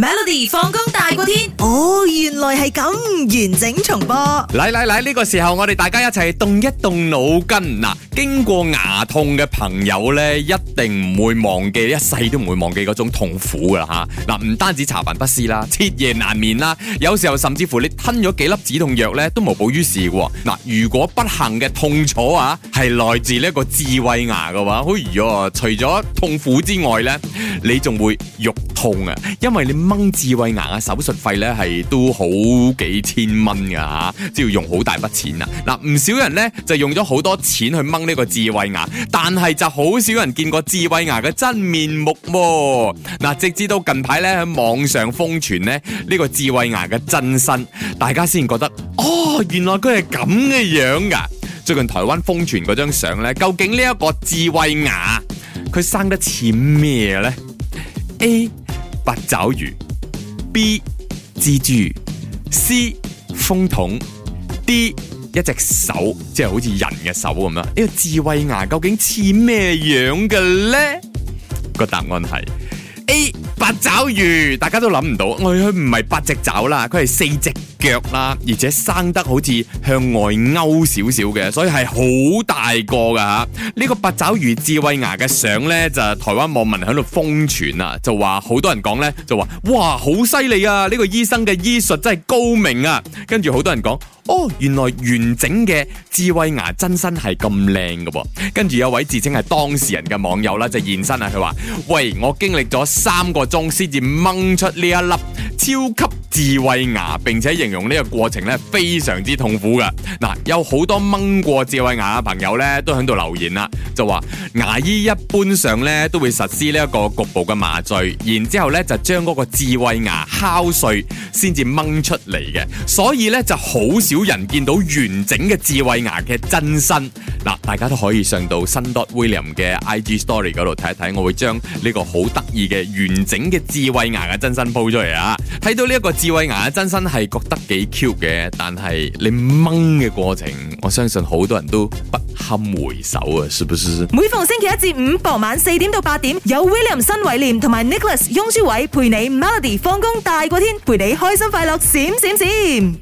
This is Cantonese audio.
Melody 放工大過天，哦，原來係咁，完整重播。嚟嚟嚟，呢個時候我哋大家一齊動一動腦筋嗱。經過牙痛嘅朋友呢，一定唔會忘記，一世都唔會忘記嗰種痛苦噶吓。嗱，唔單止茶飯不思啦，徹夜難眠啦，有時候甚至乎你吞咗幾粒止痛藥呢，都無補於事。嗱，如果不幸嘅痛楚啊，係來自呢個智慧牙嘅話，好除咗痛苦之外呢，你仲會肉痛啊，因為你。掹智慧牙嘅手術費咧係都好幾千蚊噶吓，即要用好大筆錢啊！嗱，唔、啊、少人咧就用咗好多錢去掹呢個智慧牙，但係就好少人見過智慧牙嘅真面目喎，哦！嗱，啊，直至到近排咧喺網上瘋傳咧呢個智慧牙嘅真身，大家先覺得哦，原來佢係咁嘅樣噶！最近台灣瘋傳嗰張相咧，究竟呢一個智慧牙佢生得似咩咧？A 八爪魚、B 蜘蛛、C 風筒、D 一隻手，即係好似人嘅手咁樣。呢個智慧牙究竟似咩樣嘅咧？個答案係。A 八爪魚，大家都諗唔到，佢唔係八隻爪啦，佢係四隻腳啦，而且生得好似向外勾少少嘅，所以係好大個噶。呢個八爪魚智慧牙嘅相呢，就台灣網民喺度瘋傳啊，就話好多人講呢，就話哇好犀利啊，呢個醫生嘅醫術真係高明啊。跟住好多人講，哦，原來完整嘅智慧牙真身係咁靚噶。跟住有位自稱係當事人嘅網友啦，就現身啊，佢話喂，我經歷咗。三個鐘先至掹出呢一粒超級。智慧牙，並且形容呢個過程呢，非常之痛苦㗎。嗱、呃，有好多掹過智慧牙嘅朋友呢，都喺度留言啦，就話牙醫一般上呢，都會實施呢一個局部嘅麻醉，然之後呢就將嗰個智慧牙敲碎，先至掹出嚟嘅。所以呢，就好少人見到完整嘅智慧牙嘅真身。嗱、呃，大家都可以上到新 dot 威廉嘅 IG story 嗰度睇一睇，我會將呢個好得意嘅完整嘅智慧牙嘅真身鋪出嚟啊！睇到呢一個智慧牙嘅真身係覺得幾 Q 嘅，但係你掹嘅過程，我相信好多人都不堪回首啊！是不是？每逢星期一至五傍晚四點到八點，有 William 新偉廉同埋 Nicholas 雍舒偉陪你 Melody 放工大過天，陪你開心快樂閃閃閃，閃閃閃閃。